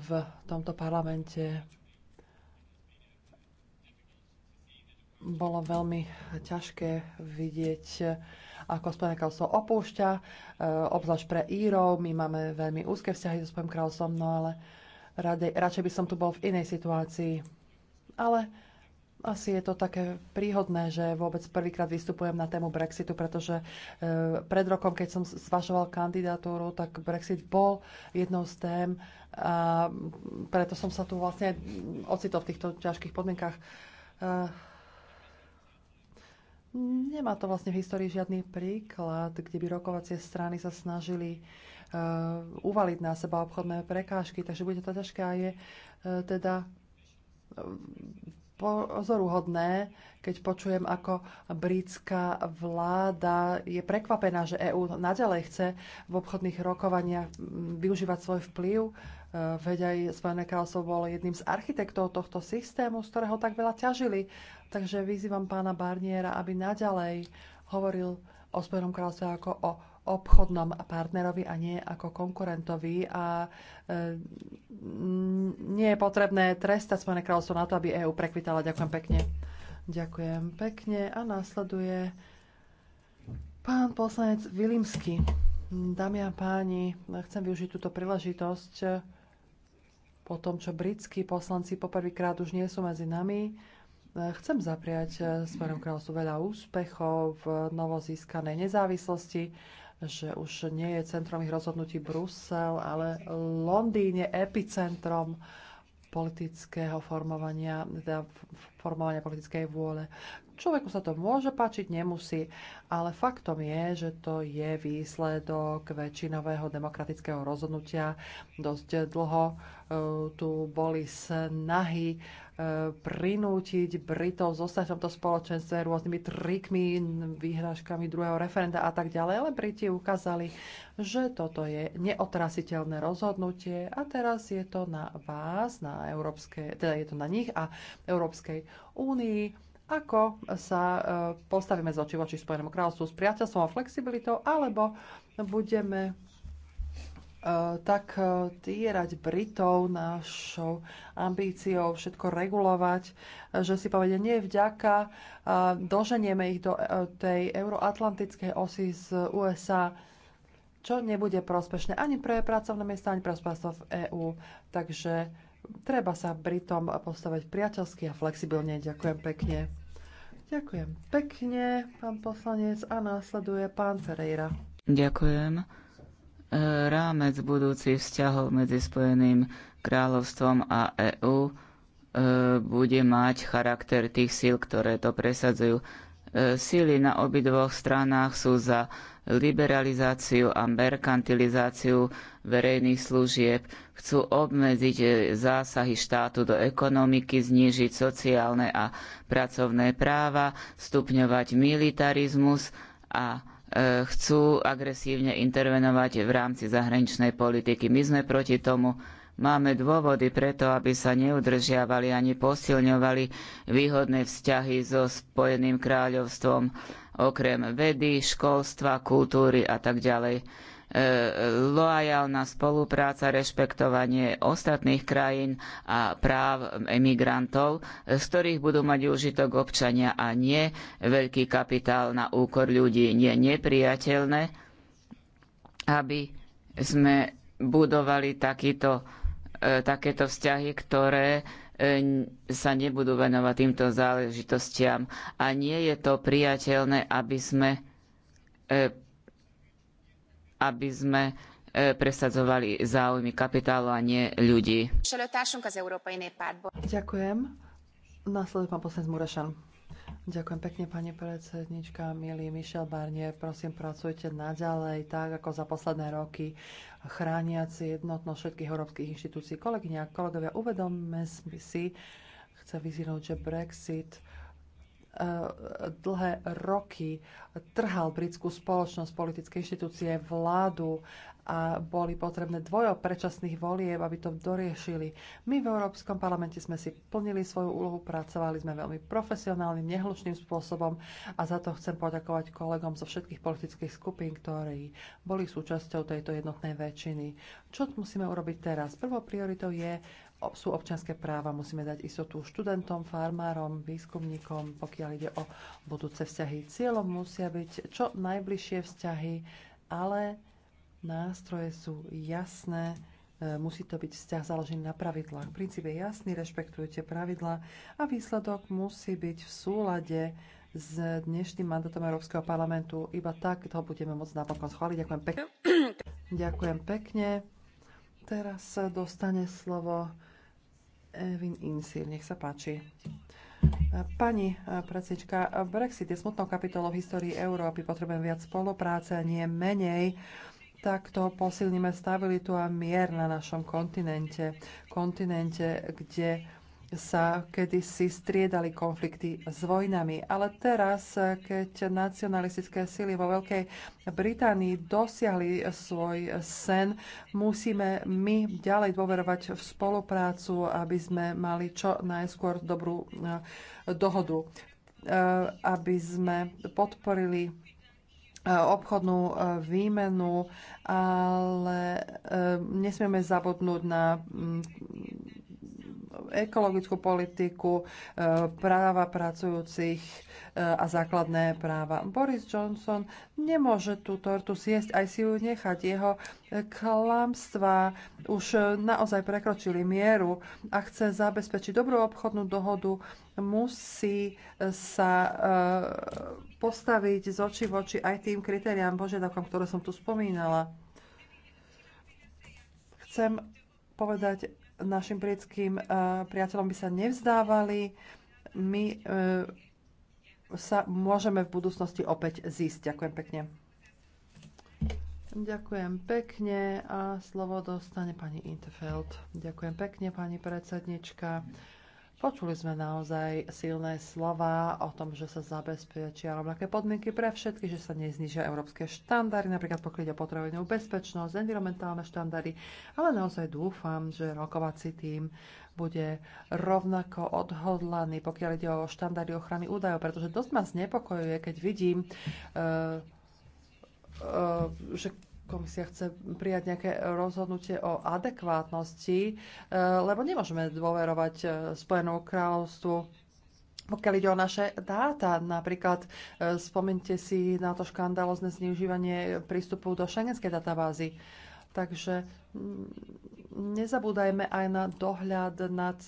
v tomto parlamente bolo veľmi ťažké vidieť, ako Spojené kráľovstvo opúšťa, e, obzvlášť pre Írov. My máme veľmi úzke vzťahy so Spojeným kráľovstvom, no ale radej, radšej by som tu bol v inej situácii. Ale asi je to také príhodné, že vôbec prvýkrát vystupujem na tému Brexitu, pretože e, pred rokom, keď som zvažoval kandidatúru, tak Brexit bol jednou z tém a preto som sa tu vlastne ocitol v týchto ťažkých podmienkach. E, nemá to vlastne v histórii žiadny príklad, kde by rokovacie strany sa snažili e, uvaliť na seba obchodné prekážky, takže bude to ťažké a je teda pozoruhodné, keď počujem, ako britská vláda je prekvapená, že EÚ naďalej chce v obchodných rokovaniach mm, využívať svoj vplyv. E, veď aj Spojené kráľovstvo bolo jedným z architektov tohto systému, z ktorého tak veľa ťažili. Takže vyzývam pána Barniera, aby naďalej hovoril o Spojenom kráľovstve ako o obchodnom partnerovi a nie ako konkurentovi. A e, nie je potrebné trestať Spojené kráľovstvo na to, aby EÚ prekvitala. Ďakujem pekne. Ďakujem pekne. A následuje pán poslanec Vilimsky. Dámy a páni, chcem využiť túto príležitosť e, po tom, čo britskí poslanci poprvýkrát už nie sú medzi nami. E, chcem zapriať e, Spojenom kráľovstvu veľa úspechov v novozískanej nezávislosti že už nie je centrom ich rozhodnutí Brusel, ale Londýn je epicentrom politického formovania, teda formovania politickej vôle. Človeku sa to môže páčiť, nemusí, ale faktom je, že to je výsledok väčšinového demokratického rozhodnutia. Dosť dlho e, tu boli snahy prinútiť Britov zostať v tomto spoločenstve rôznymi trikmi, vyhrážkami druhého referenda a tak ďalej, ale Briti ukázali, že toto je neotrasiteľné rozhodnutie a teraz je to na vás, na európske, teda je to na nich a Európskej únii, ako sa e, postavíme z očí voči Spojenému kráľovstvu s priateľstvom a flexibilitou, alebo budeme E, tak e, týrať Britov našou ambíciou všetko regulovať, e, že si povedia, nie vďaka, doženieme ich do tej euroatlantickej osy z USA, čo nebude prospešné ani pre pracovné miesta, ani pre hospodárstvo v EÚ. Takže treba sa Britom postaviť priateľsky a flexibilne. Ďakujem pekne. Ďakujem pekne, pán poslanec. A následuje pán Ferreira. Ďakujem rámec budúcich vzťahov medzi Spojeným kráľovstvom a EÚ e, bude mať charakter tých síl, ktoré to presadzujú. E, síly na obidvoch stranách sú za liberalizáciu a merkantilizáciu verejných služieb. Chcú obmedziť e, zásahy štátu do ekonomiky, znížiť sociálne a pracovné práva, stupňovať militarizmus a Eh, chcú agresívne intervenovať v rámci zahraničnej politiky. My sme proti tomu. Máme dôvody preto, aby sa neudržiavali ani posilňovali výhodné vzťahy so Spojeným kráľovstvom, okrem vedy, školstva, kultúry a tak ďalej loajálna spolupráca, rešpektovanie ostatných krajín a práv emigrantov, z ktorých budú mať úžitok občania a nie veľký kapitál na úkor ľudí. Nie nepriateľné, aby sme budovali takýto, e, takéto vzťahy, ktoré e, sa nebudú venovať týmto záležitostiam. A nie je to priateľné, aby sme e, aby sme e, presadzovali záujmy kapitálu a nie ľudí. Ďakujem. Nasleduje pán poslanec Murešan. Ďakujem pekne, pani predsednička, milý Michel Barnier. Prosím, pracujte naďalej tak, ako za posledné roky, chrániaci jednotno všetkých európskych inštitúcií. Kolegyňa kolegovia, uvedomme si, chce vyzvihnúť, že Brexit Eh, dlhé roky trhal britskú spoločnosť, politické inštitúcie, vládu a boli potrebné dvojo predčasných volieb, aby to doriešili. My v Európskom parlamente sme si plnili svoju úlohu, pracovali sme veľmi profesionálnym, nehlučným spôsobom a za to chcem poďakovať kolegom zo všetkých politických skupín, ktorí boli súčasťou tejto jednotnej väčšiny. Čo musíme urobiť teraz? Prvou prioritou je sú občianské práva, musíme dať istotu študentom, farmárom, výskumníkom, pokiaľ ide o budúce vzťahy. Cieľom musia byť čo najbližšie vzťahy, ale nástroje sú jasné, e, musí to byť vzťah založený na pravidlách. Princíp je jasný, rešpektujete pravidlá a výsledok musí byť v súlade s dnešným mandátom Európskeho parlamentu. Iba tak ho budeme môcť napokon schváliť. Ďakujem pekne. Ďakujem pekne. Teraz dostane slovo Evin Insir. Nech sa páči. Pani eh, predsednička, Brexit je smutnou kapitolou v histórii Európy. Potrebujem viac spolupráce a nie menej. Takto posilníme stabilitu a mier na našom kontinente. Kontinente, kde sa kedysi striedali konflikty s vojnami. Ale teraz, keď nacionalistické sily vo Veľkej Británii dosiahli svoj sen, musíme my ďalej dôverovať v spoluprácu, aby sme mali čo najskôr dobrú eh, dohodu, eh, aby sme podporili eh, obchodnú výmenu, ale nesmieme zabudnúť na mm, ekologickú politiku, e, práva pracujúcich e, a základné práva. Boris Johnson nemôže tú tortu siesť, aj si ju nechať. Jeho e, klamstvá už naozaj prekročili mieru a chce zabezpečiť dobrú obchodnú dohodu. Musí sa postaviť z očí v oči aj tým kritériám požiadavkom, ktoré som tu spomínala. Chcem povedať našim britským eh, priateľom by sa nevzdávali. My eh, sa môžeme v budúcnosti opäť zísť. Ďakujem pekne. Ďakujem pekne a slovo dostane pani Interfeld. Ďakujem pekne, pani predsednička. Počuli sme naozaj silné slova o tom, že sa zabezpečia rovnaké podmienky pre všetky, že sa neznižia európske štandardy, napríklad ide o potravinovú bezpečnosť, environmentálne štandardy, ale naozaj dúfam, že rokovací tým bude rovnako odhodlaný, pokiaľ ide o štandardy ochrany údajov, pretože dosť ma znepokojuje, keď vidím, uh, uh, že komisia chce prijať nejaké rozhodnutie o adekvátnosti, e, lebo nemôžeme dôverovať e, Spojenému kráľovstvu. Pokiaľ ide o naše dáta, napríklad e, spomente si na to škandálozne zneužívanie prístupu do šengenskej databázy. Takže mm, nezabúdajme aj na dohľad nad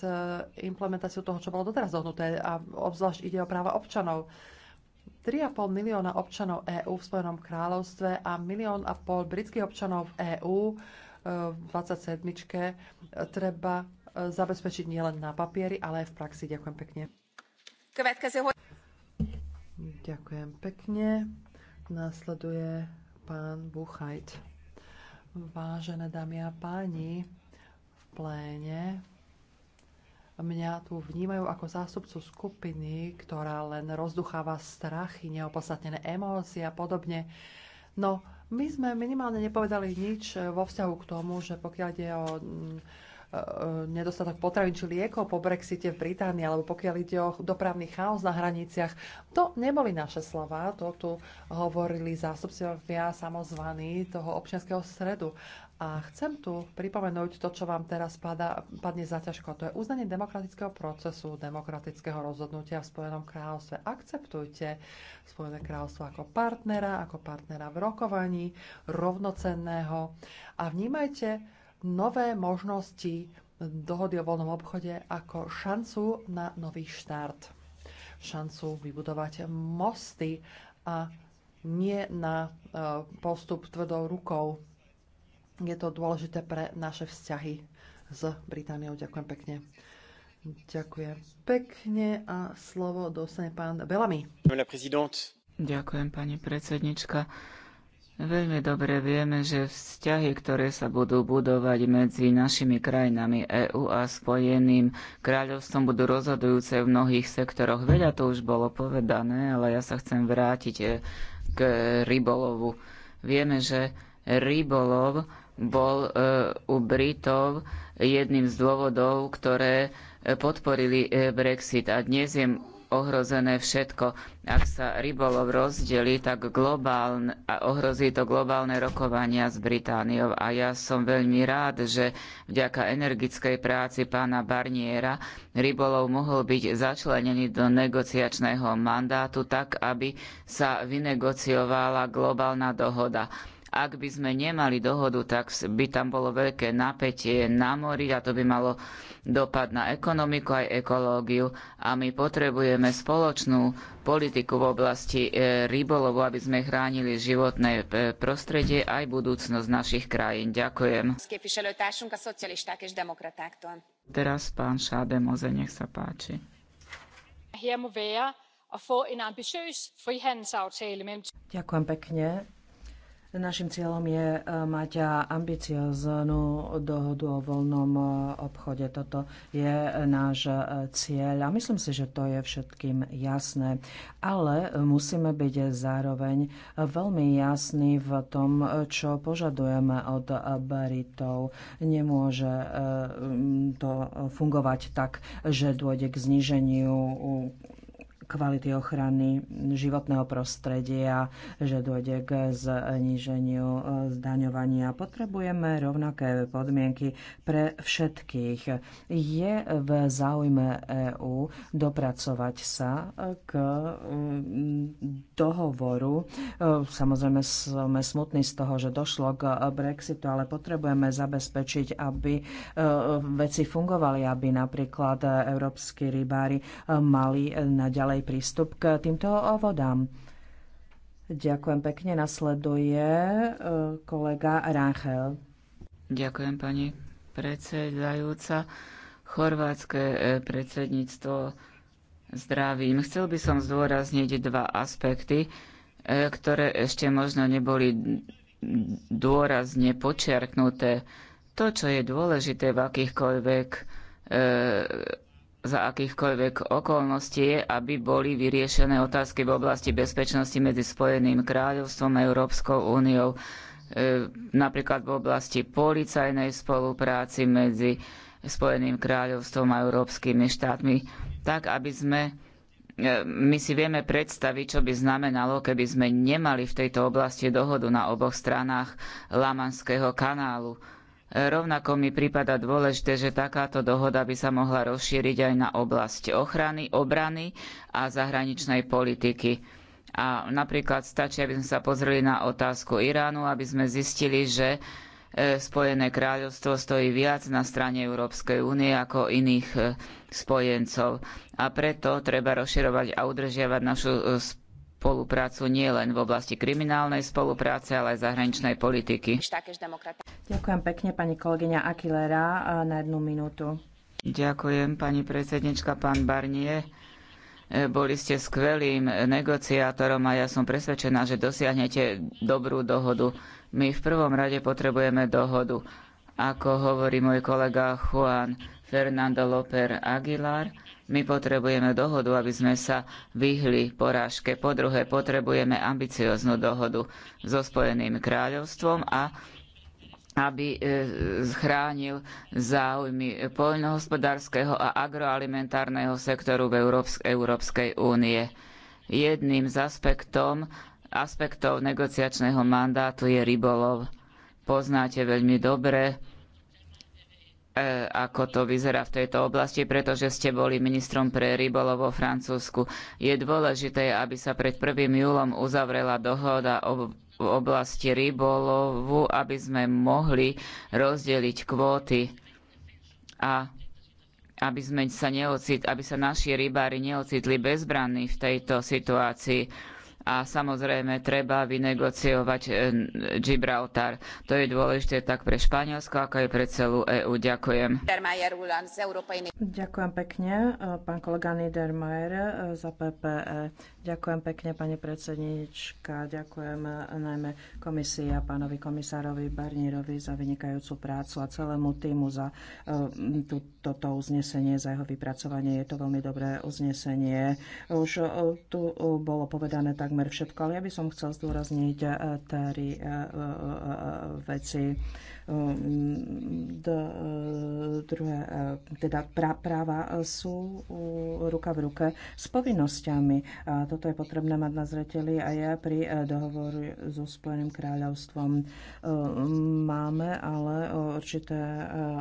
implementáciou toho, čo bolo doteraz dohnuté a obzvlášť ide o práva občanov 3,5 milióna občanov EÚ v Spojenom kráľovstve a milión a pol britských občanov v EÚ e, v 27. E, treba e, zabezpečiť nielen na papieri, ale aj v praxi. Ďakujem pekne. Ďakujem pekne. Nasleduje pán Buchajt. Vážené dámy a páni, v pléne mňa tu vnímajú ako zástupcu skupiny, ktorá len rozducháva strachy, neopodstatnené emócie a podobne. No, my sme minimálne nepovedali nič vo vzťahu k tomu, že pokiaľ ide o mm, e, e, nedostatok potravín či liekov po Brexite v Británii, alebo pokiaľ ide o dopravný chaos na hraniciach. To neboli naše slova, to tu hovorili zástupcovia samozvaní toho občianského stredu. A chcem tu pripomenúť to, čo vám teraz padá, padne za ťažko. To je uznanie demokratického procesu, demokratického rozhodnutia v Spojenom kráľovstve. Akceptujte Spojené kráľovstvo ako partnera, ako partnera v rokovaní, rovnocenného a vnímajte nové možnosti dohody o voľnom obchode ako šancu na nový štart. Šancu vybudovať mosty a nie na e, postup tvrdou rukou je to dôležité pre naše vzťahy s Britániou. Ďakujem pekne. Ďakujem pekne a slovo dostane pán Belami. Ďakujem, pani predsednička. Veľmi dobre vieme, že vzťahy, ktoré sa budú budovať medzi našimi krajinami EÚ a Spojeným kráľovstvom, budú rozhodujúce v mnohých sektoroch. Veľa to už bolo povedané, ale ja sa chcem vrátiť eh, k rybolovu. Vieme, že rybolov bol e, u Britov jedným z dôvodov, ktoré e, podporili e, Brexit. A dnes je ohrozené všetko. Ak sa rybolov rozdelí, tak globálne, a ohrozí to globálne rokovania s Britániou. A ja som veľmi rád, že vďaka energickej práci pána Barniera rybolov mohol byť začlenený do negociačného mandátu tak, aby sa vynegociovala globálna dohoda. Ak by sme nemali dohodu, tak by tam bolo veľké napätie na mori a to by malo dopad na ekonomiku aj ekológiu. A my potrebujeme spoločnú politiku v oblasti e, rybolovu, aby sme chránili životné e, prostredie aj budúcnosť našich krajín. Ďakujem. Teraz pán Moze, nech sa páči. Ďakujem pekne Našim cieľom je e, mať ambicioznú dohodu o voľnom e, obchode. Toto je náš e, cieľ a myslím si, že to je všetkým jasné. Ale musíme byť zároveň veľmi jasní v tom, čo požadujeme od Britov. Nemôže to fungovať tak, že dôjde k zníženiu kvality ochrany životného prostredia, že dojde k zníženiu e, zdaňovania. Potrebujeme rovnaké podmienky pre všetkých. Je v záujme EÚ dopracovať sa e, k mm, dohovoru. E, samozrejme sme smutní z toho, že došlo k Brexitu, ale potrebujeme zabezpečiť, aby veci fungovali, aby napríklad európsky rybári mali naďalej aj prístup k týmto eh, vodám. Ďakujem pekne. Nasleduje eh, kolega Ráchel. Ďakujem pani predsedajúca. Chorvátske eh, predsedníctvo zdravím. Chcel by som zdôrazniť dva aspekty, ktoré ešte možno neboli dôrazne počiarknuté. To, čo je dôležité v akýchkoľvek za akýchkoľvek okolností, aby boli vyriešené otázky v oblasti bezpečnosti medzi Spojeným kráľovstvom a Európskou úniou, e, napríklad v oblasti policajnej spolupráci medzi Spojeným kráľovstvom a európskymi štátmi, tak aby sme e, my si vieme predstaviť, čo by znamenalo, keby sme nemali v tejto oblasti dohodu na oboch stranách Lamanského kanálu. Rovnako mi prípada dôležité, že takáto dohoda by sa mohla rozšíriť aj na oblasť ochrany, obrany a zahraničnej politiky. A napríklad stačí, aby sme sa pozreli na otázku Iránu, aby sme zistili, že e, Spojené kráľovstvo stojí viac na strane Európskej únie ako iných e, spojencov. A preto treba rozširovať a udržiavať našu spoločnosť e, spoluprácu nie len v oblasti kriminálnej spolupráce, ale aj zahraničnej politiky. Ďakujem pekne, pani kolegyňa Akilera, na jednu minútu. Ďakujem, pani predsednička, pán Barnier. Boli ste skvelým negociátorom a ja som presvedčená, že dosiahnete dobrú dohodu. My v prvom rade potrebujeme dohodu. Ako hovorí môj kolega Juan Fernando López Aguilar, my potrebujeme dohodu, aby sme sa vyhli porážke. Po druhé, potrebujeme ambicióznu dohodu so Spojeným kráľovstvom a aby e, chránil záujmy poľnohospodárskeho a agroalimentárneho sektoru v Európskej únie. Jedným z aspektom, aspektov negociačného mandátu je rybolov. Poznáte veľmi dobre E, ako to vyzerá v tejto oblasti, pretože ste boli ministrom pre rybolov vo Francúzsku. Je dôležité, aby sa pred 1. júlom uzavrela dohoda o v oblasti rybolovu, aby sme mohli rozdeliť kvóty a aby, sme sa neocit, aby sa naši rybári neocitli bezbranní v tejto situácii a samozrejme treba vynegociovať e, Gibraltar. To je dôležité tak pre Španielsko, ako aj pre celú EÚ. Ďakujem. Ďakujem pekne, e, pán kolega Niedermayer e, za PPE. Ďakujem pekne, pani predsednička. Ďakujem najmä komisii a pánovi komisárovi Barnírovi za vynikajúcu prácu a celému týmu za e, toto uznesenie, za jeho vypracovanie. Je to veľmi dobré uznesenie. Už e, tu e, bolo povedané takmer všetko, ale ja by som chcel zdôrazniť tri veci Ehm, e, druhé, e, teda práva sú ruka v ruke s povinnosťami. A toto je potrebné mať na zreteli a ja pri e, dohovoru so Spojeným kráľovstvom. Ehm, máme ale určité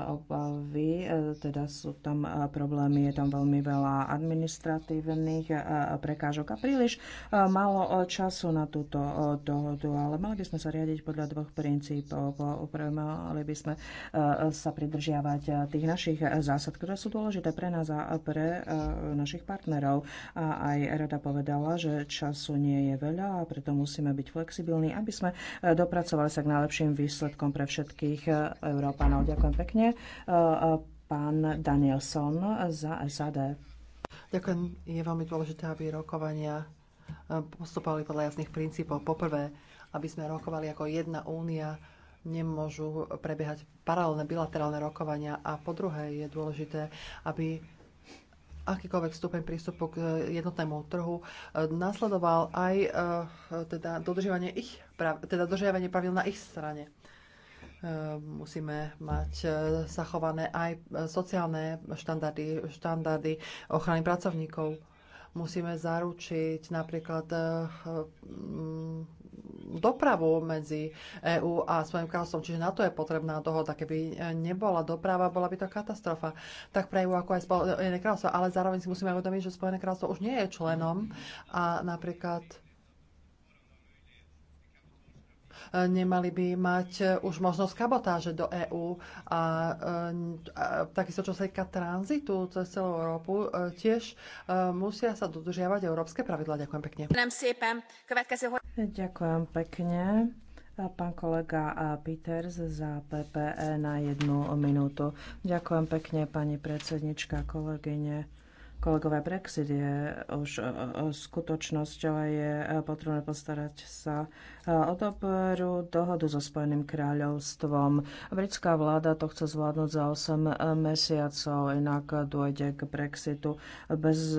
obavy, teda sú tam problémy, je tam veľmi veľa administratívnych prekážok a príliš málo času na túto dohodu, ale mali by sme sa riadiť podľa dvoch princípov. Po prvom mali by sme eh, sa pridržiavať eh, tých našich eh, zásad, ktoré sú dôležité pre nás a pre našich partnerov. A aj rada povedala, že času nie je veľa a preto musíme byť flexibilní, aby sme dopracovali sa k najlepším výsledkom pre všetkých Európanov. Ďakujem pekne. Pán Danielson za SAD. Ďakujem. Je veľmi dôležité, aby rokovania postupovali podľa jasných princípov. Poprvé, aby sme rokovali ako jedna únia, nemôžu prebiehať paralelné bilaterálne rokovania a po druhé je dôležité, aby akýkoľvek stupeň prístupu k eh, jednotnému trhu eh, nasledoval aj eh, teda dodržiavanie ich prav, teda dodržiavanie pravidel na ich strane. Musíme mať zachované aj sociálne štandardy, štandardy ochrany pracovníkov. Musíme zaručiť napríklad hm, dopravu medzi EÚ a svojim kráľovstvom, čiže na to je potrebná dohoda. Keby nebola doprava, bola by to katastrofa. Tak pre EÚ ako aj Spojené kráľovstvo, ale zároveň si musíme uvedomiť, že Spojené kráľovstvo už nie je členom a napríklad nemali by mať už možnosť kabotáže do EÚ. A, a, a takisto, čo sa týka tranzitu cez celú Európu, e, tiež a, e, musia sa dodržiavať európske pravidlá. Ďakujem pekne. Ďakujem pekne. Pán kolega Peters za PPE na jednu minútu. Ďakujem pekne, pani predsednička, kolegyne. Kolegové, Brexit je už e, e, skutočnosťou a je e, potrebné postarať sa o dobrú dohodu so Spojeným kráľovstvom. Britská vláda to chce zvládnuť za 8 mesiacov, inak dôjde k Brexitu bez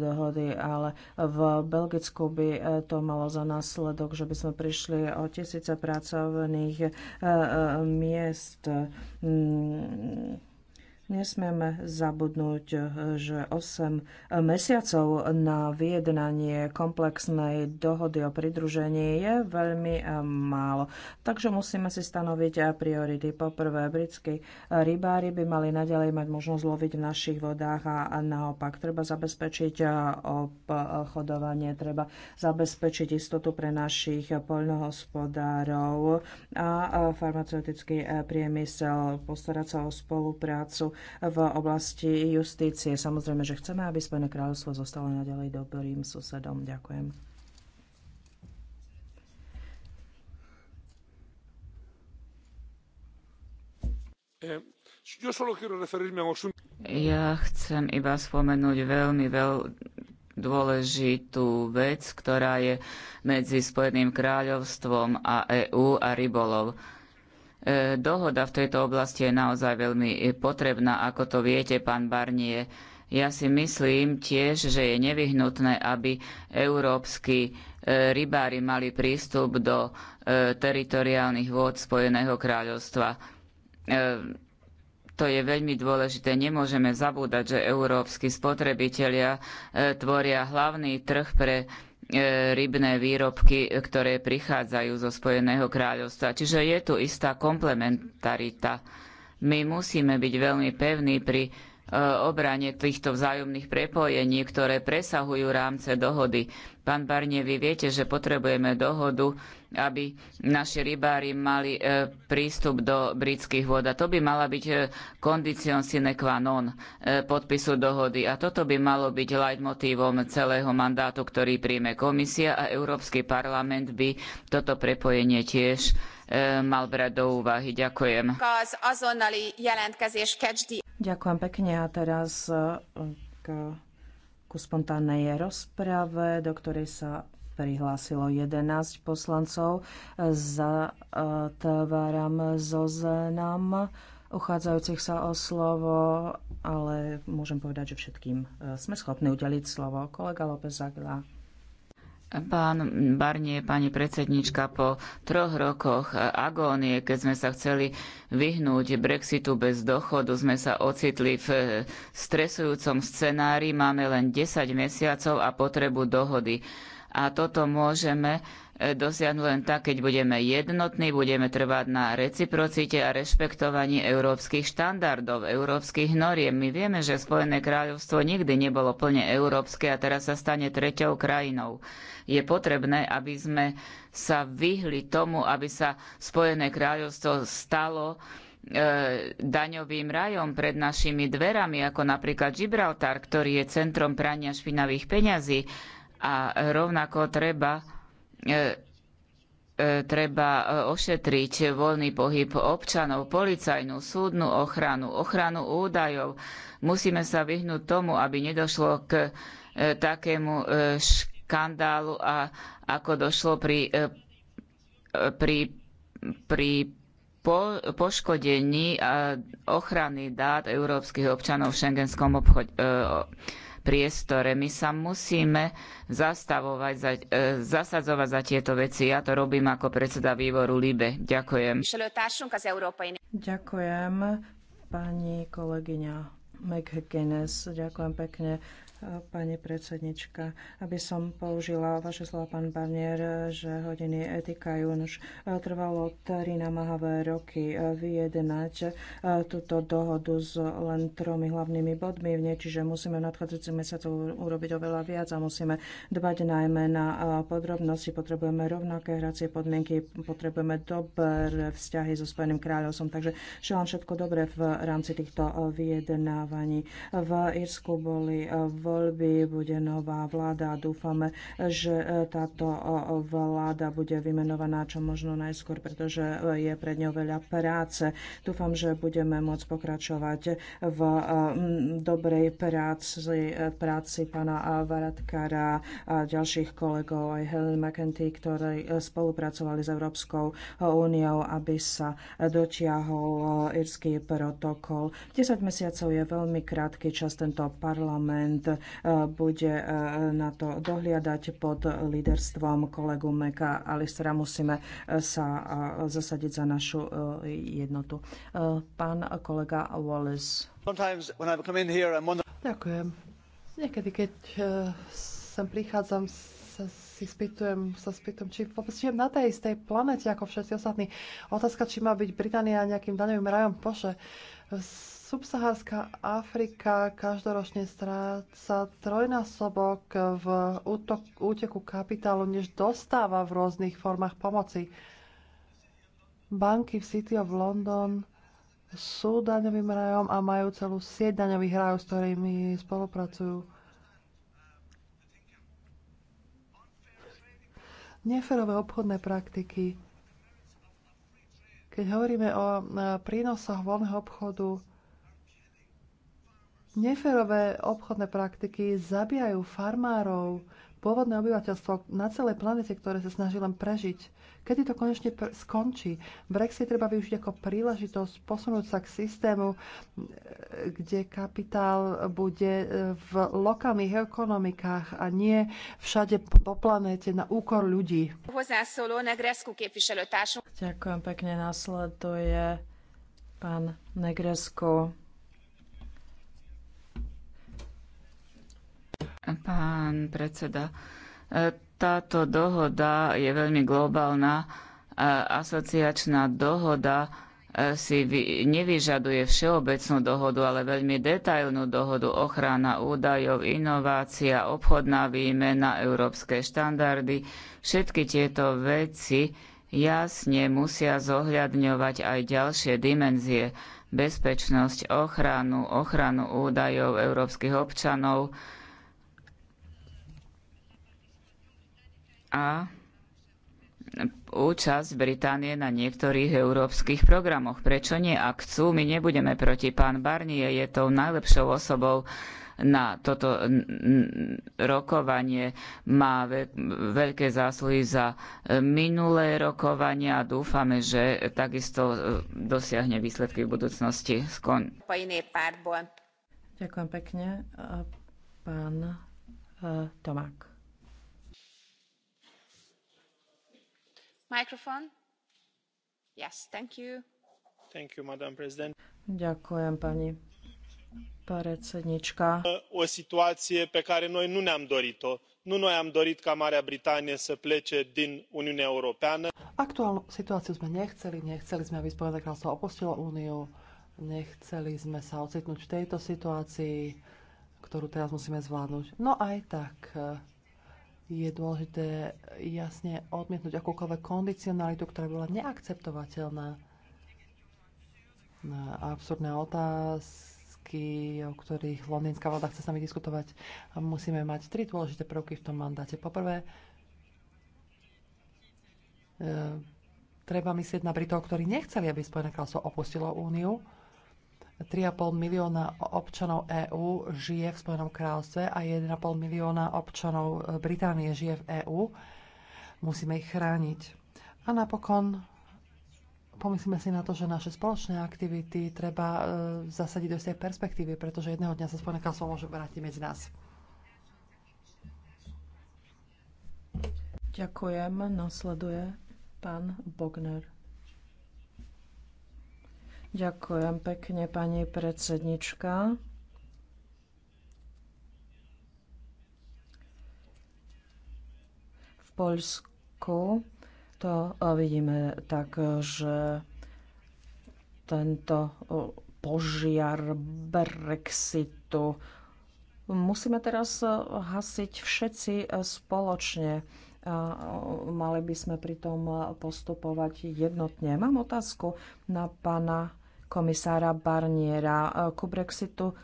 dohody, ale v Belgicku by to malo za následok, že by sme prišli o tisíce pracovných miest mm, Nesmieme zabudnúť, eh, že 8 mesiacov na vyjednanie komplexnej dohody o pridružení je veľmi eh, málo. Takže musíme si stanoviť eh, priority. Poprvé, britskí rybári by mali naďalej mať možnosť loviť v našich vodách a naopak treba zabezpečiť obchodovanie, treba zabezpečiť istotu pre našich poľnohospodárov a farmaceutický priemysel, postarať sa o spoluprácu v oblasti justície. Samozrejme, že chceme, aby Spojené kráľovstvo zostalo naďalej dobrým susedom. Ďakujem. Eh, ja chcem iba spomenúť veľmi veľ, dôležitú vec, ktorá je medzi Spojeným kráľovstvom a EÚ a rybolov. E, dohoda v tejto oblasti je naozaj veľmi e, potrebná, ako to viete, pán Barnier. Ja si myslím tiež, že je nevyhnutné, aby európsky e, rybári mali prístup do teritoriálnych vôd Spojeného kráľovstva. To je veľmi dôležité. Nemôžeme zabúdať, že európsky spotrebitelia tvoria hlavný trh pre E, rybné výrobky, e, ktoré prichádzajú zo Spojeného kráľovstva. Čiže je tu istá komplementarita. My musíme byť veľmi pevní pri e, obrane týchto vzájomných prepojení, ktoré presahujú rámce dohody. Pán Barnie, vy viete, že potrebujeme dohodu, aby naši rybári mali e, prístup do britských vôd. A to by mala byť kondicion e, sine qua non e, podpisu dohody. A toto by malo byť leitmotívom celého mandátu, ktorý príjme komisia a Európsky parlament by toto prepojenie tiež mal brať do úvahy. Ďakujem. Ďakujem pekne a teraz k ku spontánnej rozprave, do ktorej sa prihlásilo 11 poslancov. Zatváram e, zoznam uchádzajúcich sa o slovo, ale môžem povedať, že všetkým e, sme schopní udeliť slovo. Kolega López Zagla, Pán Barnie, pani predsednička, po troch rokoch agónie, keď sme sa chceli vyhnúť Brexitu bez dochodu, sme sa ocitli v stresujúcom scenári. Máme len 10 mesiacov a potrebu dohody. A toto môžeme dosiahnuť len tak, keď budeme jednotní, budeme trvať na reciprocite a rešpektovaní európskych štandardov, európskych noriem. My vieme, že Spojené kráľovstvo nikdy nebolo plne európske a teraz sa stane treťou krajinou. Je potrebné, aby sme sa vyhli tomu, aby sa Spojené kráľovstvo stalo e, daňovým rajom pred našimi dverami, ako napríklad Gibraltar, ktorý je centrom prania špinavých peňazí. A rovnako treba E, e, treba e, ošetriť voľný pohyb občanov, policajnú, súdnu ochranu, ochranu údajov. Musíme sa vyhnúť tomu, aby nedošlo k takému škandálu, a ako došlo pri, pri, pri po, poškodení ochrany dát európskych občanov v šengenskom obchode priestore. My sa musíme zastavovať, za, e, zasadzovať za tieto veci. Ja to robím ako predseda výboru LIBE. Ďakujem. Ďakujem, pani kolegyňa McGuinness. Ďakujem pekne pani predsednička. Aby som použila vaše slova, pán Barnier, že hodiny etika už e, trvalo tri namahavé roky e, vyjednať e, túto dohodu s len tromi hlavnými bodmi v nej, čiže musíme v nadchádzajúcich mesiacoch urobiť oveľa viac a musíme dbať najmä na podrobnosti. Potrebujeme rovnaké hracie podmienky, potrebujeme dobré vzťahy so Spojeným kráľovstvom, takže želám všetko dobré v rámci týchto vyjednávaní. V Irsku boli v voľby bude nová vláda a dúfame, že e, táto vláda bude vymenovaná čo možno najskôr, pretože e, je pred ňou veľa práce. Dúfam, že budeme môcť pokračovať v e, dobrej práci, práci pána Varadkara a ďalších kolegov, aj Helen McEntee, ktorí spolupracovali s Európskou úniou, aby sa dotiahol írsky protokol. 10 mesiacov je veľmi krátky čas. Tento parlament E, bude e, na to dohliadať pod líderstvom kolegu Meka Alistera. Musíme e, sa zasadiť za našu jednotu. Pán kolega Wallace. Ďakujem. Niekedy, keď sem prichádzam, sa si spýtujem, sa spýtujem, či vôbec žijem na tej istej planete ako všetci ostatní. Otázka, či má byť Británia nejakým daňovým rajom, bože, Subsahárska Afrika každoročne stráca trojnásobok v útok, úteku kapitálu, než dostáva v rôznych formách pomoci. Banky v City of London sú daňovým rajom a majú celú sieť daňových rajov, s ktorými spolupracujú. Neferové obchodné praktiky. Keď hovoríme o e, prínosoch voľného obchodu, Neférové obchodné praktiky zabíjajú farmárov, pôvodné obyvateľstvo na celej planete, ktoré sa snaží len prežiť. Kedy to konečne skončí? Brexit treba využiť ako príležitosť posunúť sa k systému, kde kapitál bude v lokálnych ekonomikách a nie všade po planéte na úkor ľudí. Ďakujem pekne. Následuje pán Negresko. Pán predseda, e, táto dohoda je veľmi globálna. E, asociačná dohoda e, si nevyžaduje všeobecnú dohodu, ale veľmi detailnú dohodu. Ochrana údajov, inovácia, obchodná výmena, európske štandardy. Všetky tieto veci jasne musia zohľadňovať aj ďalšie dimenzie bezpečnosť, ochranu, ochranu údajov európskych občanov, a účasť Británie na niektorých európskych programoch. Prečo nie? Ak chcú, my nebudeme proti. Pán Barnier je tou najlepšou osobou na toto rokovanie. Má veľké zásluhy za minulé rokovanie a dúfame, že takisto e, dosiahne výsledky v budúcnosti. Skon. Ďakujem pekne, e, pán e, Tomák. Ďakujem, pani predsednička. O situație pe care noi nu ne-am dorit-o. Nu noi am dorit ca Marea Britanie să plece din Uniunea Europeană. Aktuálnu situáciu sme nechceli, nechceli sme, aby Spojené kráľovstvo opustilo Úniu, nechceli sme sa ocitnúť v tejto situácii, ktorú teraz musíme zvládnuť. No aj tak, je dôležité jasne odmietnúť akúkoľvek kondicionalitu, ktorá bola neakceptovateľná. na Absurdné otázky, o ktorých londýnska vláda chce s nami diskutovať. Musíme mať tri dôležité prvky v tom mandáte. Poprvé, e, treba myslieť na Britov, ktorí nechceli, aby Spojené kráľstvo opustilo úniu. 3,5 milióna občanov EÚ žije v Spojenom kráľovstve a 1,5 milióna občanov e, Británie žije v EÚ. Musíme ich chrániť. A napokon pomyslíme si na to, že naše spoločné aktivity treba e, zasadiť do tej perspektívy, pretože jedného dňa sa Spojené kráľovstvo môže vrátiť medzi nás. Ďakujem. Nasleduje pán Bogner. Ďakujem pekne, pani predsednička. V Poľsku to eh, vidíme tak, že tento eh, požiar Brexitu musíme teraz eh, hasiť všetci spoločne mali by sme tom postupovať jednotne. Mám otázku na pána komisára Barniera. Ku Brexitu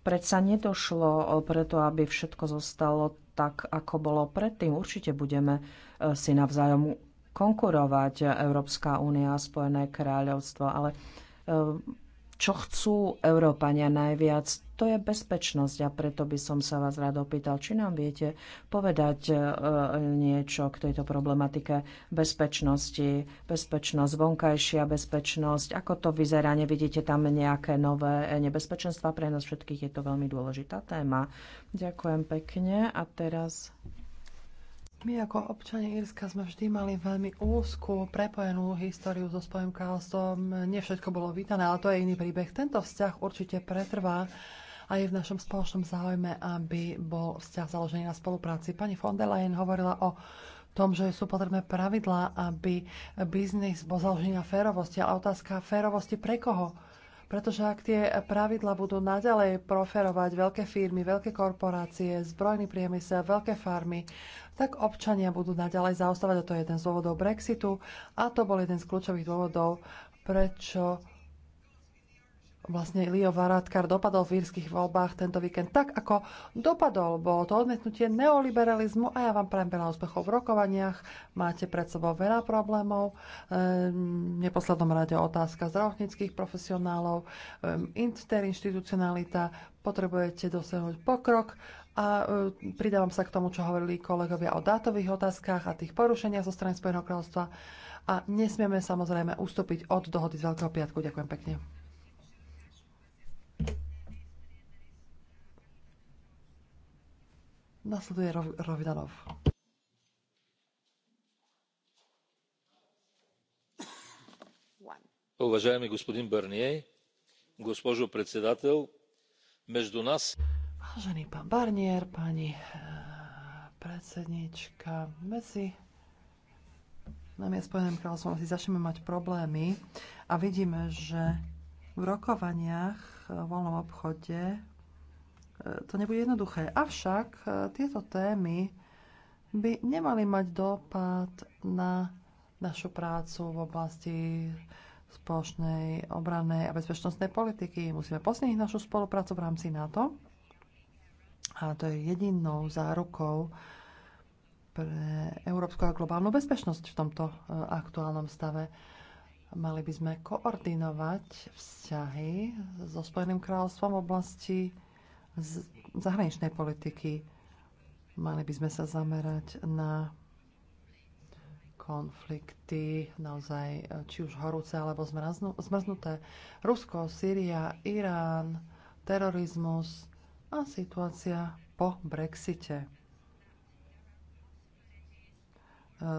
predsa nedošlo preto, aby všetko zostalo tak, ako bolo predtým. Určite budeme e, si navzájom konkurovať Európska únia a Spojené kráľovstvo, ale e, čo chcú Európania najviac, to je bezpečnosť a preto by som sa vás rád opýtal, či nám viete povedať e, niečo k tejto problematike bezpečnosti, bezpečnosť vonkajšia, bezpečnosť, ako to vyzerá, nevidíte tam nejaké nové nebezpečenstva, pre nás všetkých je to veľmi dôležitá téma. Ďakujem pekne a teraz my ako občania Írska sme vždy mali veľmi úzkú, prepojenú históriu so Spojeným kráľstvom. Nie všetko bolo vítané, ale to je iný príbeh. Tento vzťah určite pretrvá a je v našom spoločnom záujme, aby bol vzťah založený na spolupráci. Pani von der Leyen hovorila o tom, že sú potrebné pravidlá, aby biznis bol založený na férovosti. Ale otázka férovosti pre koho? Pretože ak tie pravidla budú naďalej proferovať veľké firmy, veľké korporácie, zbrojný priemysel, veľké farmy, tak občania budú naďalej zaostávať. A to je jeden z dôvodov Brexitu. A to bol jeden z kľúčových dôvodov, prečo vlastne Leo Varadkar dopadol v írskych voľbách tento víkend tak, ako dopadol. Bolo to odmietnutie neoliberalizmu a ja vám prajem veľa úspechov v rokovaniach. Máte pred sebou veľa problémov. Ehm, neposlednom rade otázka zdravotníckých profesionálov, ehm, interinstitucionalita, potrebujete dosiahnuť pokrok a e, pridávam sa k tomu, čo hovorili kolegovia o dátových otázkach a tých porušeniach zo strany Spojeného kráľovstva a nesmieme samozrejme ustúpiť od dohody z Veľkého piatku. Ďakujem pekne. Nasleduje Rov- Rovidanov. Уважаеми господин Барние, госпожо председател, между нас... Vážený pán Barnier, pani eh, predsednička, medzi nami a Spojeným kráľovstvom asi začneme mať problémy a vidíme, že v rokovaniach eh, v voľnom obchode to nebude jednoduché. Avšak e, tieto témy by nemali mať dopad na našu prácu v oblasti spoločnej obrannej a bezpečnostnej politiky. Musíme posilniť našu spoluprácu v rámci NATO a to je jedinou zárukou pre európsku a globálnu bezpečnosť v tomto e, aktuálnom stave. Mali by sme koordinovať vzťahy so Spojeným kráľovstvom v oblasti z zahraničnej politiky. Mali by sme sa zamerať na konflikty, naozaj či už horúce alebo zmrznuté. Rusko, Sýria, Irán, terorizmus a situácia po Brexite.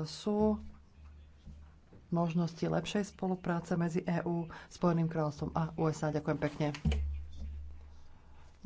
Sú možnosti lepšej spolupráce medzi EÚ, Spojeným kráľovstvom a USA. Ďakujem pekne.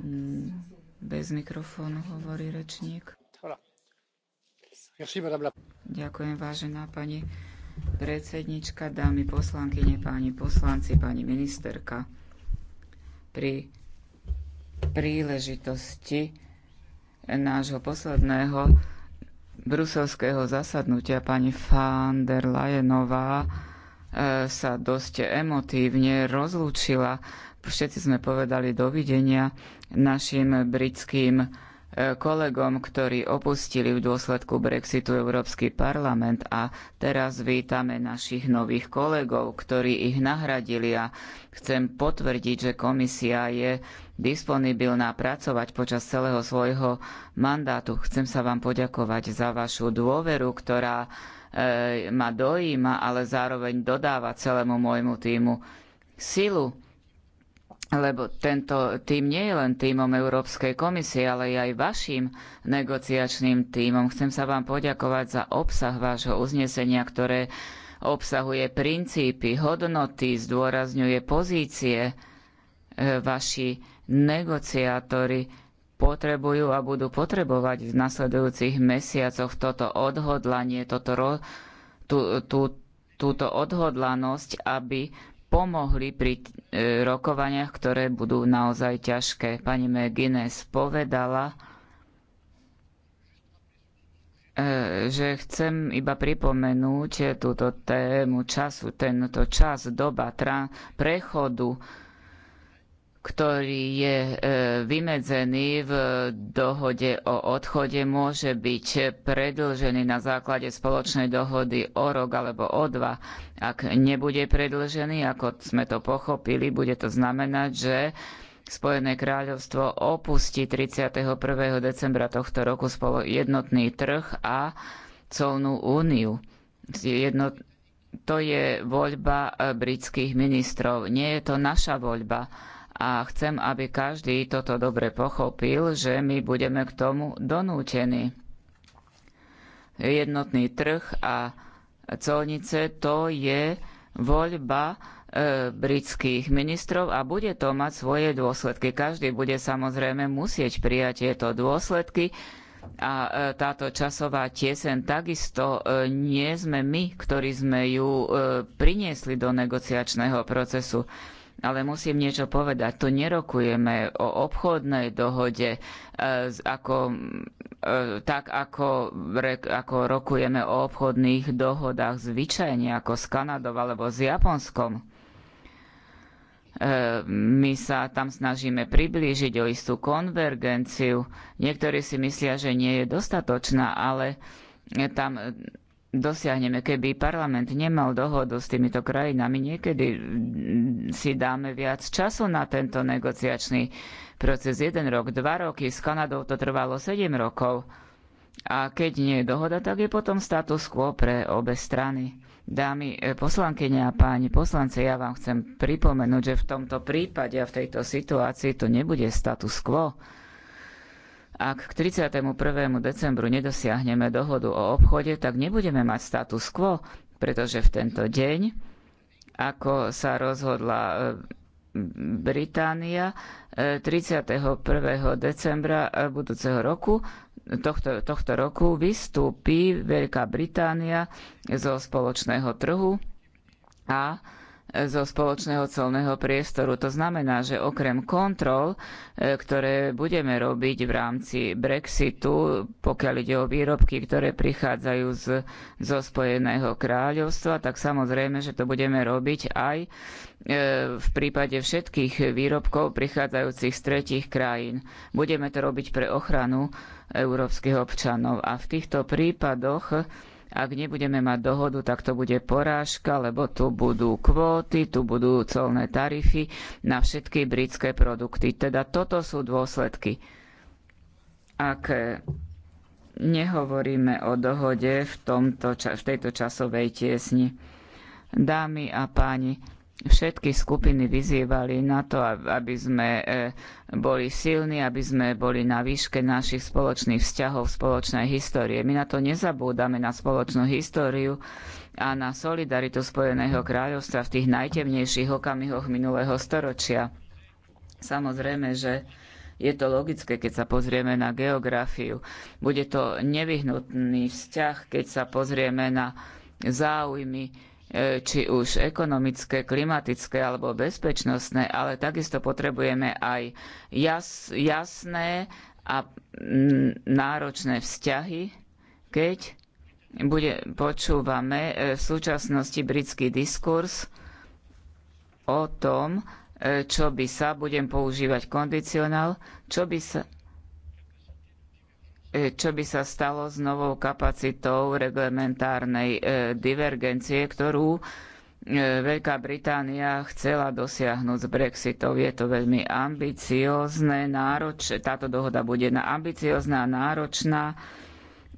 Mm, bez mikrofónu hovorí rečník. Ďakujem, vážená pani predsednička, dámy poslankyne, páni poslanci, pani ministerka. Pri príležitosti nášho posledného bruselského zasadnutia pani van der Leyenová eh, sa dosť emotívne rozlúčila Všetci sme povedali dovidenia našim britským e, kolegom, ktorí opustili v dôsledku Brexitu Európsky parlament a teraz vítame našich nových kolegov, ktorí ich nahradili a chcem potvrdiť, že komisia je disponibilná pracovať počas celého svojho mandátu. Chcem sa vám poďakovať za vašu dôveru, ktorá e, ma dojíma, ale zároveň dodáva celému môjmu týmu silu lebo tento tým nie je len týmom Európskej komisie, ale aj vašim negociačným týmom. Chcem sa vám poďakovať za obsah vášho uznesenia, ktoré obsahuje princípy, hodnoty, zdôrazňuje pozície. E, vaši negociátori potrebujú a budú potrebovať v nasledujúcich mesiacoch toto odhodlanie, toto, tú, tú, túto odhodlanosť, aby pomohli pri e, rokovaniach, ktoré budú naozaj ťažké. Pani McGuinness povedala, e, že chcem iba pripomenúť túto tému času, tento čas, doba tra, prechodu ktorý je e, vymedzený v dohode o odchode, môže byť predlžený na základe spoločnej dohody o rok alebo o dva. Ak nebude predlžený, ako sme to pochopili, bude to znamenať, že Spojené kráľovstvo opustí 31. decembra tohto roku jednotný trh a colnú úniu. Jedno, to je voľba e, britských ministrov. Nie je to naša voľba a chcem, aby každý toto dobre pochopil, že my budeme k tomu donútení. Jednotný trh a colnice to je voľba e, britských ministrov a bude to mať svoje dôsledky. Každý bude samozrejme musieť prijať tieto dôsledky a e, táto časová tiesen takisto e, nie sme my, ktorí sme ju e, priniesli do negociačného procesu ale musím niečo povedať. Tu nerokujeme o obchodnej dohode, e, ako, e, tak ako, ako rokujeme o obchodných dohodách zvyčajne, ako s Kanadou alebo s Japonskom. E, my sa tam snažíme priblížiť o istú konvergenciu. Niektorí si myslia, že nie je dostatočná, ale tam dosiahneme. Keby parlament nemal dohodu s týmito krajinami, niekedy mm, si dáme viac času na tento negociačný proces. Jeden rok, dva roky, s Kanadou to trvalo sedem rokov. A keď nie je dohoda, tak je potom status quo pre obe strany. Dámy e, poslankyne a páni poslanci, ja vám chcem pripomenúť, že v tomto prípade a v tejto situácii to nebude status quo. Ak k 31. decembru nedosiahneme dohodu o obchode, tak nebudeme mať status quo, pretože v tento deň, ako sa rozhodla e, Británia, 31. E, decembra e, budúceho roku tohto, tohto roku vystúpi Veľká Británia zo spoločného trhu a zo spoločného colného priestoru. To znamená, že okrem kontrol, e, ktoré budeme robiť v rámci Brexitu, pokiaľ ide o výrobky, ktoré prichádzajú z, zo Spojeného kráľovstva, tak samozrejme, že to budeme robiť aj e, v prípade všetkých výrobkov prichádzajúcich z tretich krajín. Budeme to robiť pre ochranu európskych občanov. A v týchto prípadoch ak nebudeme mať dohodu, tak to bude porážka, lebo tu budú kvóty, tu budú colné tarify na všetky britské produkty. Teda toto sú dôsledky. Ak nehovoríme o dohode v, tomto, v tejto časovej tiesni. Dámy a páni, všetky skupiny vyzývali na to, aby sme e, boli silní, aby sme boli na výške našich spoločných vzťahov, spoločnej histórie. My na to nezabúdame, na spoločnú históriu a na solidaritu Spojeného kráľovstva v tých najtemnejších okamihoch minulého storočia. Samozrejme, že je to logické, keď sa pozrieme na geografiu. Bude to nevyhnutný vzťah, keď sa pozrieme na záujmy E, či už ekonomické, klimatické alebo bezpečnostné, ale takisto potrebujeme aj jas, jasné a mm, náročné vzťahy, keď bude, počúvame e, v súčasnosti britský diskurs o tom, e, čo by sa, budem používať kondicionál, čo by sa E, čo by sa stalo s novou kapacitou reglementárnej e, divergencie, ktorú e, Veľká Británia chcela dosiahnuť s Brexitom. Je to veľmi ambiciozne, náročné. Táto dohoda bude ambiciozná, náročná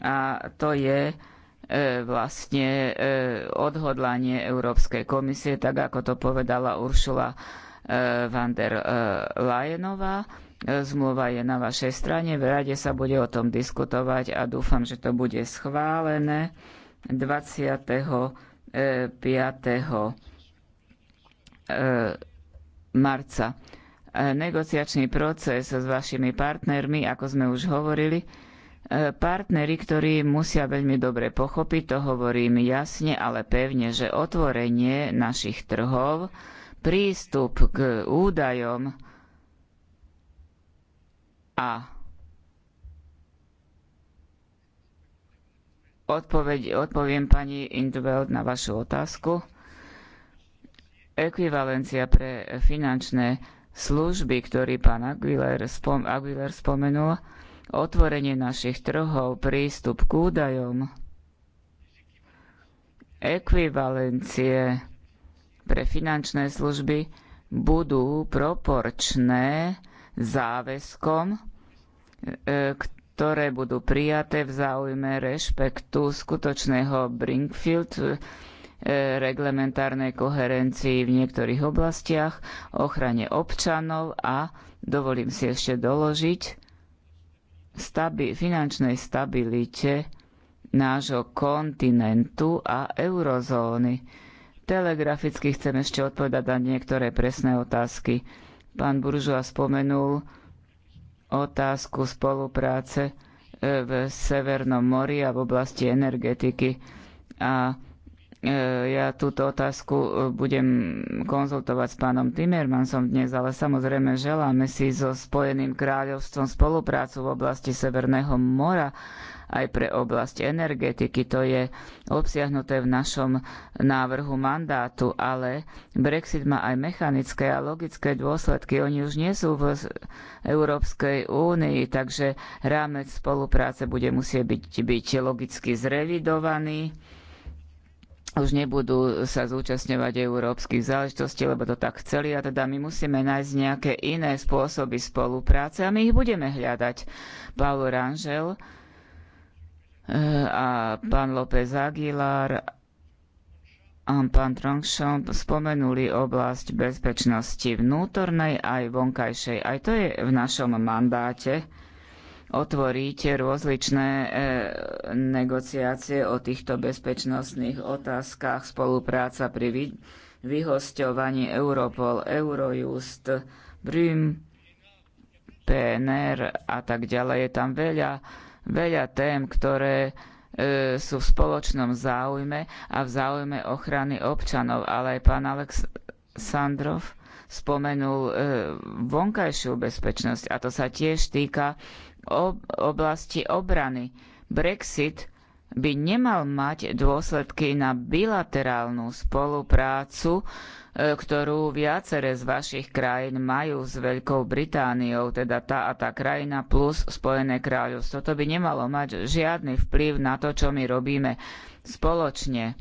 a to je vlastne odhodlanie Európskej komisie, tak ako to povedala Uršula van der Leyenová Zmluva je na vašej strane, v rade sa bude o tom diskutovať a dúfam, že to bude schválené 25. E, e, marca. E, negociačný proces s vašimi partnermi, ako sme už hovorili, partneri, ktorí musia veľmi dobre pochopiť, to hovorím jasne, ale pevne, že otvorenie našich trhov, prístup k údajom, a odpoveď, odpoviem pani Indubelt na vašu otázku. Ekvivalencia pre finančné služby, ktorý pán Aguilar, spom- Aguilar spomenul, otvorenie našich trhov, prístup k údajom, ekvivalencie pre finančné služby budú proporčné záväzkom, e, e, ktoré budú prijaté v záujme rešpektu skutočného Brinkfield e, reglementárnej koherencii v niektorých oblastiach, ochrane občanov a, dovolím si ešte doložiť, stabi- finančnej stabilite nášho kontinentu a eurozóny. Telegraficky chcem ešte odpovedať na niektoré presné otázky. Pán Buržua spomenul otázku spolupráce e, v Severnom mori a v oblasti energetiky. A e, ja túto otázku e, budem konzultovať s pánom Timmermansom dnes, ale samozrejme želáme si so Spojeným kráľovstvom spoluprácu v oblasti Severného mora aj pre oblasť energetiky. To je obsiahnuté v našom návrhu mandátu, ale Brexit má aj mechanické a logické dôsledky. Oni už nie sú v Európskej únii, takže rámec spolupráce bude musieť byť, byť logicky zrevidovaný už nebudú sa zúčastňovať európskych záležitostí, lebo to tak chceli a teda my musíme nájsť nejaké iné spôsoby spolupráce a my ich budeme hľadať. Paul Rangel Eh, a pán López Aguilar a pán Trongšon spomenuli oblasť bezpečnosti vnútornej aj vonkajšej. Aj to je v našom mandáte otvoriť rozličné e, negociácie o týchto bezpečnostných otázkach, spolupráca pri vy, vyhosťovaní Europol, Eurojust, Brüm, PNR a tak ďalej. Je tam veľa veľa tém, ktoré e, sú v spoločnom záujme a v záujme ochrany občanov, ale aj pán Aleksandrov spomenul e, vonkajšiu bezpečnosť a to sa tiež týka oblasti obrany. Brexit by nemal mať dôsledky na bilaterálnu spoluprácu, E, ktorú viaceré z vašich krajín majú s Veľkou Britániou, teda tá a tá krajina plus Spojené kráľovstvo. To by nemalo mať žiadny vplyv na to, čo my robíme spoločne.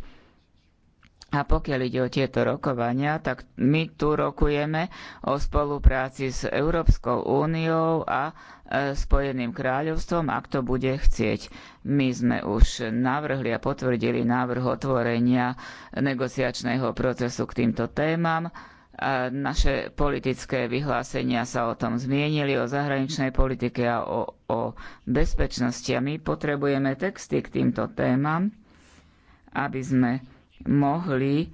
A pokiaľ ide o tieto rokovania, tak my tu rokujeme o spolupráci s Európskou úniou a e, Spojeným kráľovstvom, ak to bude chcieť. My sme už navrhli a potvrdili návrh otvorenia negociačného procesu k týmto témam. A naše politické vyhlásenia sa o tom zmienili, o zahraničnej politike a o, o bezpečnosti. A my potrebujeme texty k týmto témam, aby sme mohli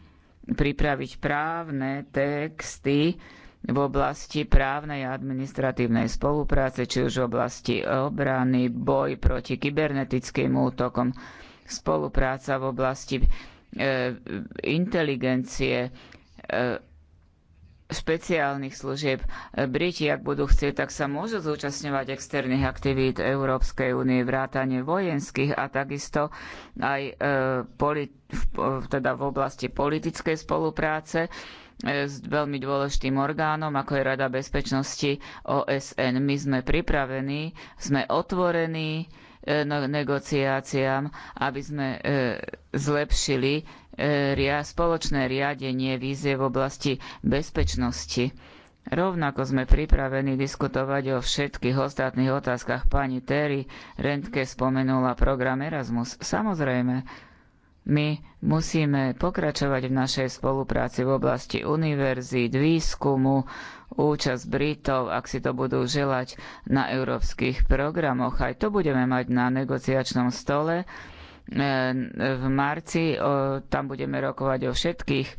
pripraviť právne texty v oblasti právnej a administratívnej spolupráce, či už v oblasti obrany, boj proti kybernetickým útokom, spolupráca v oblasti e, inteligencie, e, špeciálnych služieb. Briti, ak budú chcieť, tak sa môžu zúčastňovať externých aktivít Európskej únie, vrátane vojenských a takisto aj e, poli, v, e, teda v oblasti politickej spolupráce e, s veľmi dôležitým orgánom, ako je Rada bezpečnosti OSN. My sme pripravení, sme otvorení e, no, negociáciám, aby sme e, zlepšili spoločné riadenie vízie v oblasti bezpečnosti. Rovnako sme pripravení diskutovať o všetkých ostatných otázkach. Pani Terry Rentke spomenula program Erasmus. Samozrejme, my musíme pokračovať v našej spolupráci v oblasti univerzít, výskumu, účasť Britov, ak si to budú želať na európskych programoch. Aj to budeme mať na negociačnom stole E, v marci e, tam budeme rokovať o všetkých e,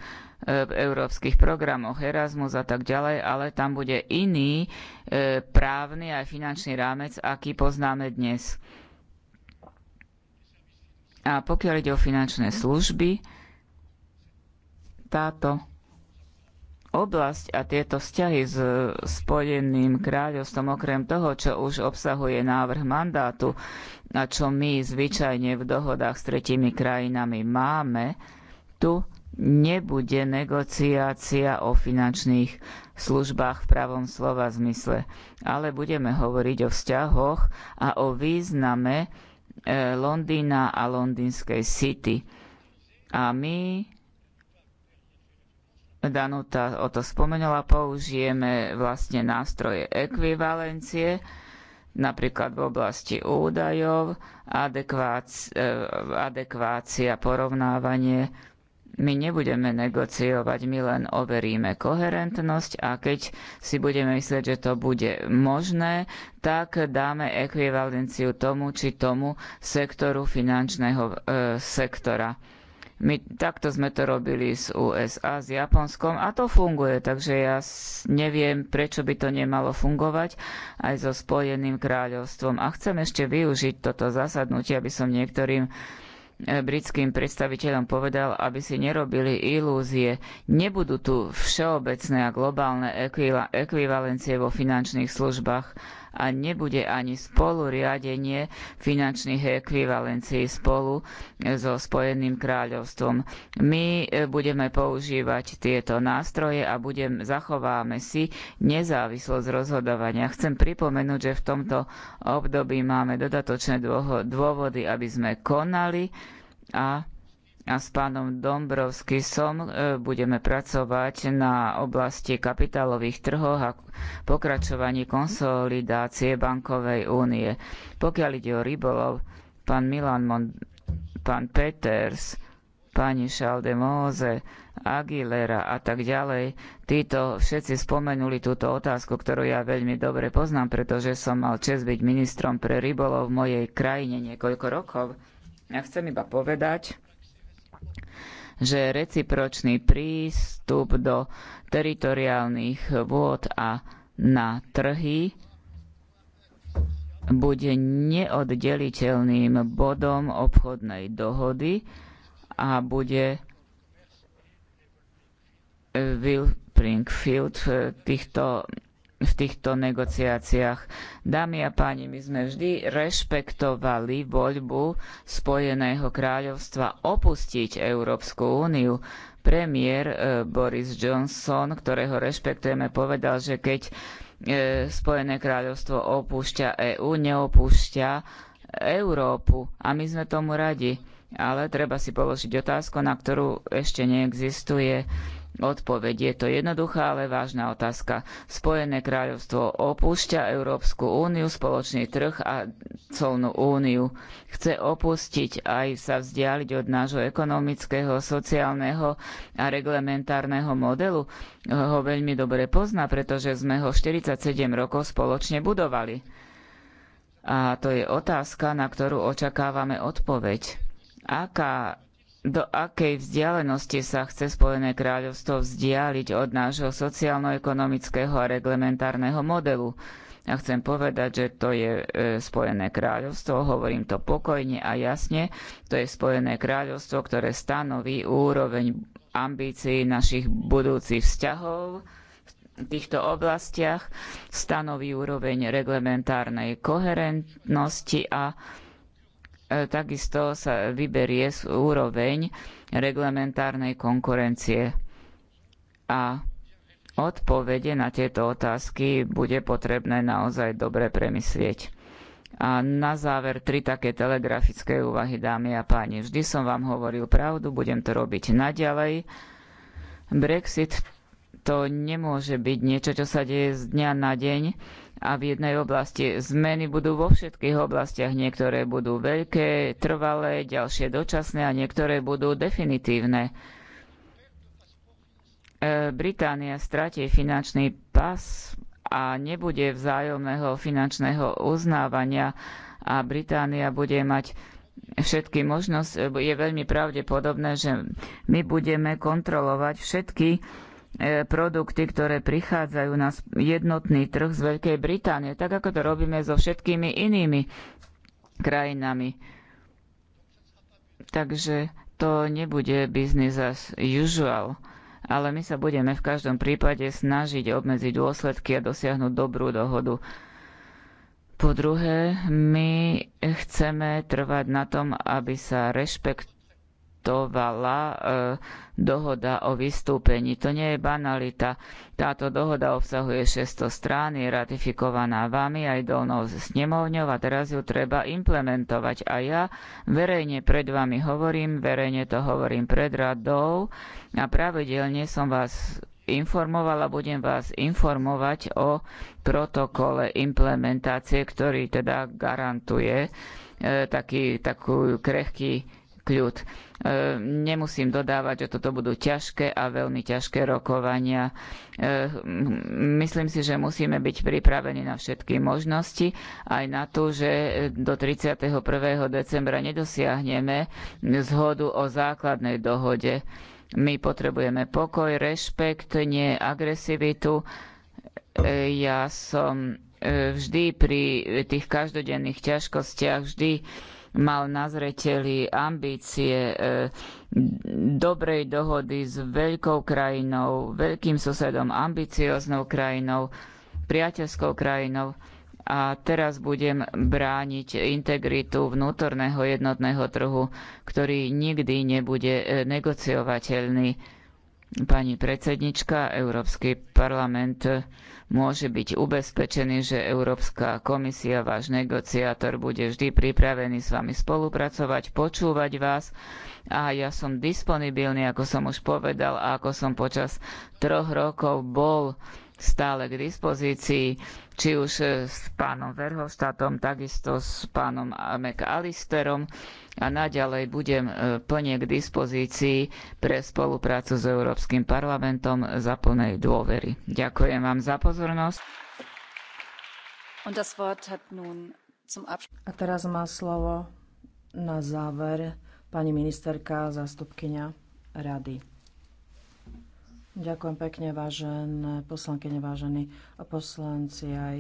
európskych programoch Erasmus a tak ďalej, ale tam bude iný právny aj finančný rámec, aký poznáme dnes. A pokiaľ ide o finančné služby, táto oblasť a tieto vzťahy s Spojeným kráľovstvom, okrem toho, čo už obsahuje návrh mandátu a čo my zvyčajne v dohodách s tretími krajinami máme, tu nebude negociácia o finančných službách v pravom slova zmysle, ale budeme hovoriť o vzťahoch a o význame eh, Londýna a Londýnskej City. A my Danuta o to spomenula, použijeme vlastne nástroje ekvivalencie, napríklad v oblasti údajov, adekvácia, e, adekvácia porovnávanie. My nebudeme negociovať, my len overíme koherentnosť a keď si budeme myslieť, že to bude možné, tak dáme ekvivalenciu tomu či tomu sektoru finančného e, sektora my takto sme to robili s USA, s Japonskom a to funguje, takže ja neviem, prečo by to nemalo fungovať aj so Spojeným kráľovstvom. A chcem ešte využiť toto zasadnutie, aby som niektorým e, britským predstaviteľom povedal, aby si nerobili ilúzie. Nebudú tu všeobecné a globálne ekvivalencie vo finančných službách a nebude ani spoluriadenie finančných ekvivalencií spolu e, so Spojeným kráľovstvom. My e, budeme používať tieto nástroje a budem, zachováme si nezávislosť rozhodovania. Chcem pripomenúť, že v tomto období máme dodatočné dôvody, aby sme konali a a s pánom Dombrovskisom e, budeme pracovať na oblasti kapitálových trhov a pokračovaní konsolidácie bankovej únie. Pokiaľ ide o rybolov, pán Milan Mon- pán Peters, pani Šaldemóze, Aguilera a tak ďalej, títo všetci spomenuli túto otázku, ktorú ja veľmi dobre poznám, pretože som mal čest byť ministrom pre rybolov v mojej krajine niekoľko rokov. Ja chcem iba povedať, že recipročný prístup do teritoriálnych vôd a na trhy bude neoddeliteľným bodom obchodnej dohody a bude Will eh, týchto v týchto negociáciách. Dámy a páni, my sme vždy rešpektovali voľbu Spojeného kráľovstva opustiť Európsku úniu. Premiér e, Boris Johnson, ktorého rešpektujeme, povedal, že keď e, Spojené kráľovstvo opúšťa EÚ, neopúšťa Európu. A my sme tomu radi. Ale treba si položiť otázku, na ktorú ešte neexistuje Odpoveď je to jednoduchá, ale vážna otázka. Spojené kráľovstvo opúšťa Európsku úniu, spoločný trh a colnú úniu. Chce opustiť aj sa vzdialiť od nášho ekonomického, sociálneho a reglementárneho modelu. Ho veľmi dobre pozná, pretože sme ho 47 rokov spoločne budovali. A to je otázka, na ktorú očakávame odpoveď. Aká do akej vzdialenosti sa chce Spojené kráľovstvo vzdialiť od nášho sociálno-ekonomického a reglementárneho modelu. Ja chcem povedať, že to je e, Spojené kráľovstvo, hovorím to pokojne a jasne, to je Spojené kráľovstvo, ktoré stanoví úroveň ambícií našich budúcich vzťahov v týchto oblastiach, stanoví úroveň reglementárnej koherentnosti a E, takisto sa vyberie z úroveň reglementárnej konkurencie. A odpovede na tieto otázky bude potrebné naozaj dobre premyslieť. A na záver tri také telegrafické úvahy, dámy a páni. Vždy som vám hovoril pravdu, budem to robiť naďalej. Brexit to nemôže byť niečo, čo sa deje z dňa na deň a v jednej oblasti. Zmeny budú vo všetkých oblastiach. Niektoré budú veľké, trvalé, ďalšie dočasné a niektoré budú definitívne. E, Británia stratí finančný pas a nebude vzájomného finančného uznávania a Británia bude mať všetky možnosti. Je veľmi pravdepodobné, že my budeme kontrolovať všetky E, produkty, ktoré prichádzajú na jednotný trh z Veľkej Británie, tak ako to robíme so všetkými inými krajinami. Takže to nebude business as usual, ale my sa budeme v každom prípade snažiť obmedziť dôsledky a dosiahnuť dobrú dohodu. Po druhé, my chceme trvať na tom, aby sa rešpekt existovala e, dohoda o vystúpení. To nie je banalita. Táto dohoda obsahuje 600 strán, je ratifikovaná vami aj dolnou no snemovňou a teraz ju treba implementovať. A ja verejne pred vami hovorím, verejne to hovorím pred radou a pravidelne som vás informovala, budem vás informovať o protokole implementácie, ktorý teda garantuje e, taký, takú krehký kľud. E, nemusím dodávať, že toto budú ťažké a veľmi ťažké rokovania. E, myslím si, že musíme byť pripravení na všetky možnosti, aj na to, že do 31. decembra nedosiahneme zhodu o základnej dohode. My potrebujeme pokoj, rešpekt, nie agresivitu. E, ja som vždy pri tých každodenných ťažkostiach vždy mal na zreteli ambície e, dobrej dohody s veľkou krajinou, veľkým susedom, ambicioznou krajinou, priateľskou krajinou a teraz budem brániť integritu vnútorného jednotného trhu, ktorý nikdy nebude e, negociovateľný Pani predsednička, Európsky parlament môže byť ubezpečený, že Európska komisia, váš negociátor, bude vždy pripravený s vami spolupracovať, počúvať vás a ja som disponibilný, ako som už povedal a ako som počas troch rokov bol stále k dispozícii, či už eh, s pánom Verhofštátom, takisto s pánom McAllisterom a naďalej budem eh, plne k dispozícii pre spoluprácu s Európskym parlamentom za plnej dôvery. Ďakujem vám za pozornosť. A teraz má slovo na záver pani ministerka, zástupkynia rady. Ďakujem pekne, vážené poslankyne, vážení poslanci. Aj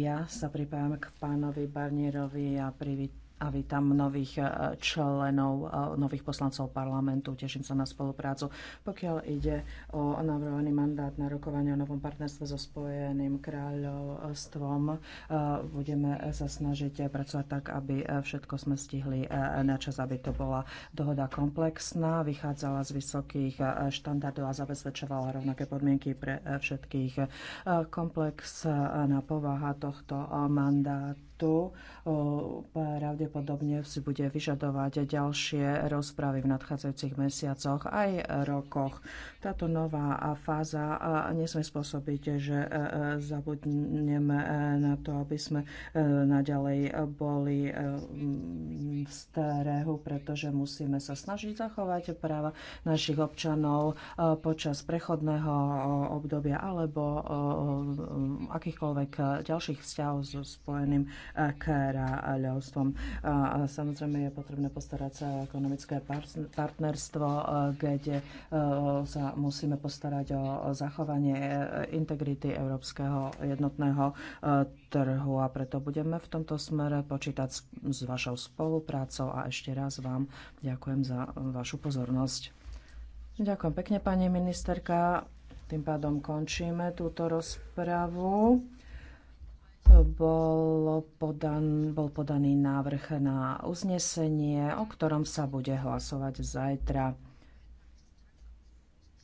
ja sa pripájam k pánovi Barnierovi a privítam a vítam nových e, členov, e, nových poslancov parlamentu. Teším sa na spoluprácu. Pokiaľ ide o navrhovaný mandát na rokovanie o novom partnerstve so Spojeným kráľovstvom, e, budeme sa snažiť pracovať tak, aby všetko sme stihli na čas, aby to bola dohoda komplexná, vychádzala z vysokých štandardov a zabezpečovala rovnaké podmienky pre všetkých. Komplexná povaha tohto mandátu tu pravdepodobne si bude vyžadovať ďalšie rozpravy v nadchádzajúcich mesiacoch aj rokoch. Táto nová fáza nesme spôsobiť, že e, e, zabudneme na to, aby sme e, naďalej boli v starého, pretože musíme sa snažiť zachovať práva našich občanov počas prechodného obdobia alebo akýchkoľvek ďalších vzťahov so Spojeným kráľovstvom. A samozrejme je potrebné postarať sa o ekonomické partnerstvo, kde sa musíme postarať o zachovanie e, integrity európskeho jednotného trhu a preto budeme v tomto smere počítať s vašou spoluprácou a ešte raz vám ďakujem za vašu pozornosť. Ďakujem pekne, pani ministerka. Tým pádom končíme túto rozpravu bol, podan, bol podaný návrh na uznesenie, o ktorom sa bude hlasovať zajtra.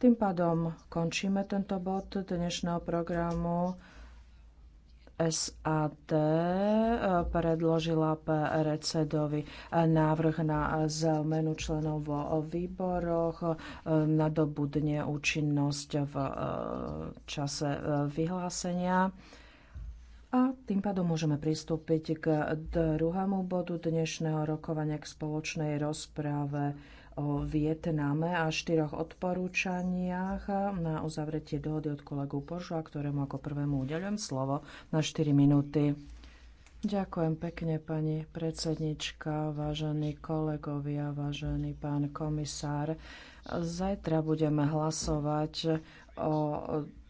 Tým pádom končíme tento bod dnešného programu. SAD eh, predložila predsedovi eh, návrh na zmenu členov vo výboroch, eh, nadobudne účinnosť v čase vyhlásenia. A tým pádom môžeme pristúpiť k druhému bodu dnešného rokovania k spoločnej rozprave o Vietname a štyroch odporúčaniach na uzavretie dohody od kolegu Požua, ktorému ako prvému udeľujem slovo na 4 minúty. Ďakujem pekne, pani predsednička, vážení kolegovia, vážený pán komisár. Zajtra budeme hlasovať o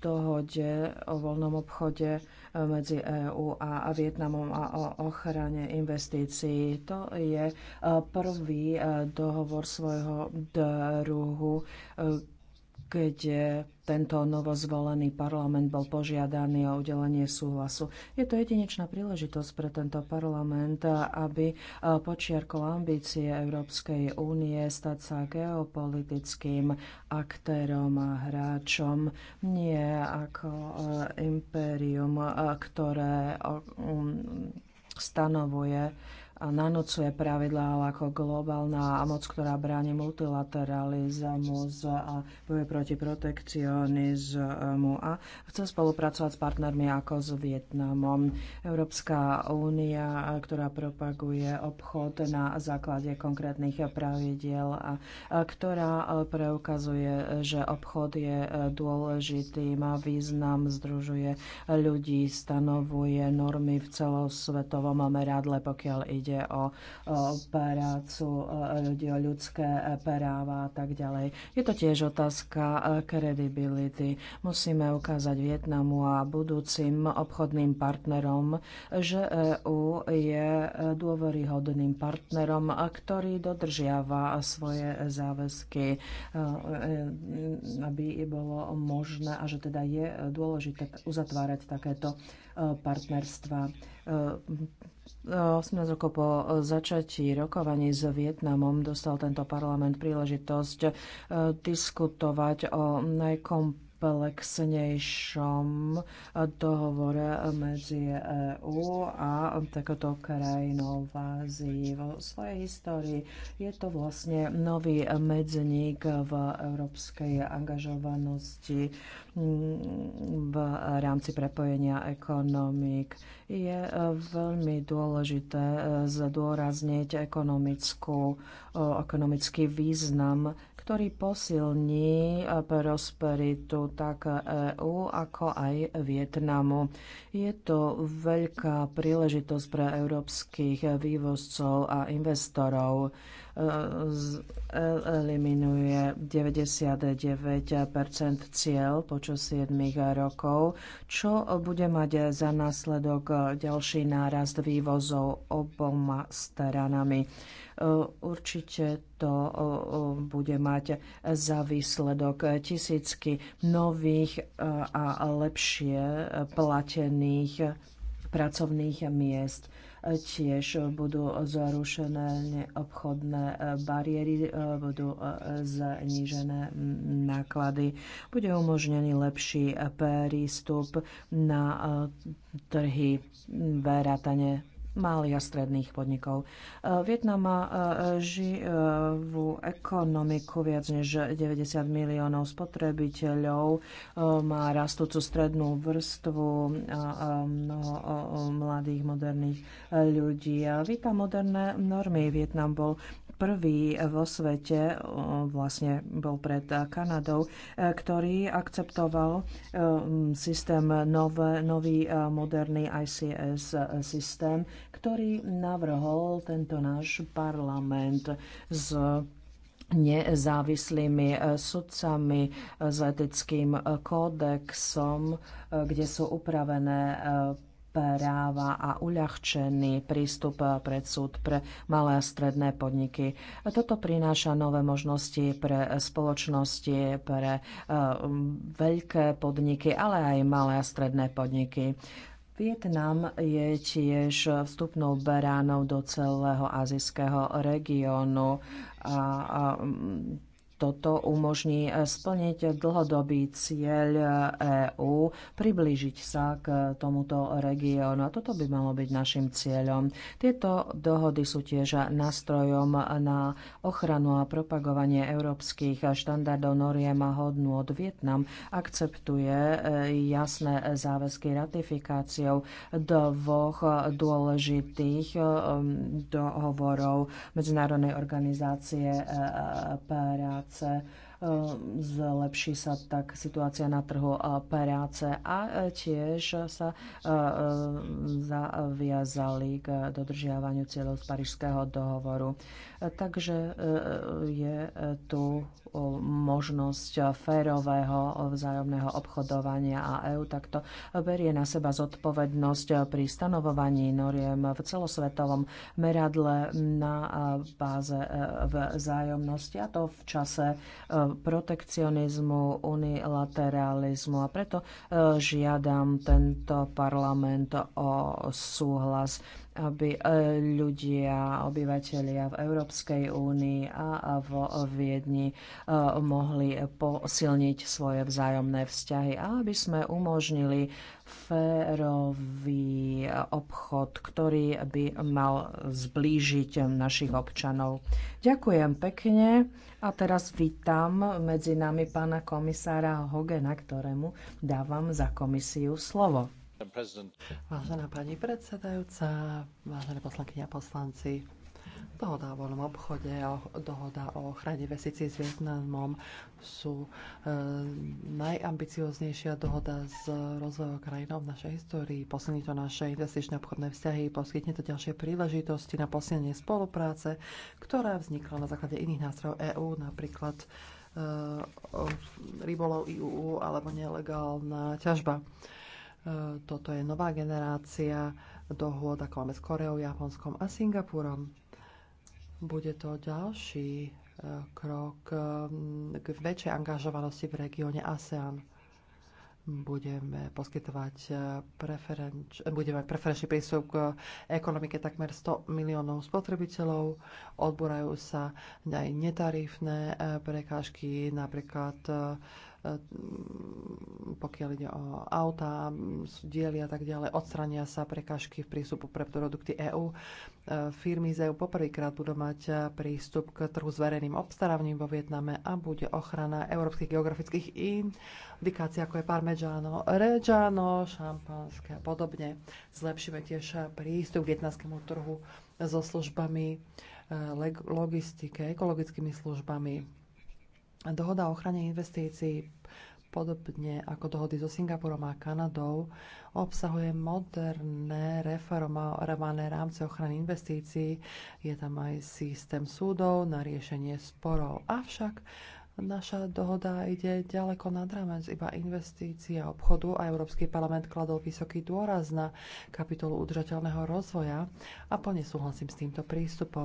dohode o voľnom obchode e, medzi EÚ a Vietnamom a o ochrane investícií. To je e, prvý e, dohovor svojho druhu, keď e, tento novozvolený parlament bol požiadaný o udelenie súhlasu. Je to jedinečná príležitosť pre tento parlament, e, aby e, počiarkol ambície Európskej únie stať sa geopolitickým aktérom a hráčom, nie ako impérium, ktoré stanovuje nanocuje pravidlá, ako globálna moc, ktorá bráni multilateralizmus a boje proti protekcionizmu a chce spolupracovať s partnermi ako s Vietnamom. Európska únia, ktorá propaguje obchod na základe konkrétnych pravidiel a ktorá preukazuje, že obchod je dôležitý, má význam, združuje ľudí, stanovuje normy v celosvetovom meradle, pokiaľ ide ide o prácu ide o ľudské e, práva a tak ďalej. Je to tiež otázka e, kredibility. Musíme ukázať Vietnamu a budúcim obchodným partnerom, že EU je e, dôveryhodným partnerom, ktorý dodržiava svoje záväzky, aby bolo možné a že teda je dôležité uzatvárať takéto partnerstva. 18 rokov po začatí rokovaní s Vietnamom dostal tento parlament príležitosť eh, diskutovať o najkom komplexnejšom dohovore medzi EÚ a takoto krajinou v Ázii. V svojej histórii je to vlastne nový medzník v európskej angažovanosti mm, v rámci prepojenia ekonomík. Je e, veľmi dôležité e, zdôrazniť e, ekonomický význam ktorý posilní eh, prosperitu tak EÚ, ako aj Vietnamu. Je to veľká príležitosť pre európskych vývozcov a investorov eliminuje 99 cieľ počas 7 rokov, čo bude mať za následok ďalší nárast vývozov oboma stranami. Určite to bude mať za výsledok tisícky nových a lepšie platených pracovných miest tiež budú zrušené obchodné e, bariéry, e, budú e, znížené náklady. Bude umožnený lepší prístup na trhy, vrátane malých a stredných podnikov. E, Vietnam má e, živú ekonomiku viac než 90 miliónov spotrebiteľov, e, má rastúcu strednú vrstvu mnoho mladých moderných ľudí. Vítam moderné normy. Vietnam bol prvý vo svete, vlastne bol pred Kanadou, e, ktorý akceptoval e, systém nové, nový e, moderný ICS systém, ktorý navrhol tento náš parlament s nezávislými sudcami s etickým kódexom, kde sú upravené práva a uľahčený prístup pred súd pre malé a stredné podniky. Toto prináša nové možnosti pre spoločnosti, pre eh, veľké podniky, ale aj malé a stredné podniky. Vietnam je tiež vstupnou beránou do celého azijského regiónu a, a toto umožní e, splniť dlhodobý cieľ EÚ, e priblížiť sa k tomuto regiónu. A toto by malo byť našim cieľom. Tieto dohody sú tiež nástrojom na ochranu a propagovanie európskych štandardov noriem a hodnú od Vietnam. Akceptuje e, jasné záväzky ratifikáciou dvoch dôležitých dohovorov Medzinárodnej organizácie práce práce. Eh, zlepší sa tak situácia na trhu eh, práce a eh, tiež sa zaviazali k dodržiavaniu cieľov z Parížského dohovoru. Takže e, je tu e, možnosť férového vzájomného obchodovania a EU takto berie na seba zodpovednosť pri stanovovaní noriem v celosvetovom meradle na e, báze vzájomnosti a to v čase protekcionizmu, unilateralizmu a preto žiadam tento parlament o súhlas aby e, ľudia, obyvateľia v Európskej únii a vo Viedni e, mohli posilniť svoje vzájomné vzťahy a aby sme umožnili férový obchod, ktorý by mal zblížiť našich občanov. Ďakujem pekne a teraz vítam medzi nami pána komisára Hogena, ktorému dávam za komisiu slovo. Vážená pani predsedajúca, vážené poslankyňa a poslanci, Dohoda o voľnom obchode a dohoda o ochrane vesície s Vietnamom sú e, najambicioznejšia dohoda s rozvojou krajinou v našej histórii. Posilní to naše investičné obchodné vzťahy, poskytne to ďalšie príležitosti na posilnenie spolupráce, ktorá vznikla na základe iných nástrojov EÚ, napríklad e, rybolov IUU e alebo nelegálna ťažba. E, E, toto je nová generácia dohôd, ako máme s Koreou, Japonskom a Singapurom. Bude to ďalší e, krok e, k väčšej angažovanosti v regióne ASEAN. Budeme poskytovať preferenč, budeme preferenčný prístup k ekonomike takmer 100 miliónov spotrebiteľov. Odborajú sa aj netarifné prekážky, napríklad Ehm, pokiaľ ide o auta, diely a tak ďalej, odstrania sa prekažky v prístupu pre produkty EÚ. Ehm, firmy z EÚ poprvýkrát budú mať eh, prístup k trhu s verejným obstarávaním vo Vietname a bude ochrana európskych geografických indikácií, ako je parmežano, reggiano, šampanské a podobne. Zlepšíme tiež eh, prístup k vietnamskému trhu so službami, eh, logistike, ekologickými službami Dohoda o ochrane investícií, podobne ako dohody so Singapurom a Kanadou, obsahuje moderné reformované rámce ochrany investícií. Je tam aj systém súdov na riešenie sporov. Avšak Naša dohoda ide ďaleko nad rámec iba investícií a obchodu a Európsky parlament kladol vysoký dôraz na kapitolu udržateľného rozvoja a plne súhlasím s týmto prístupom.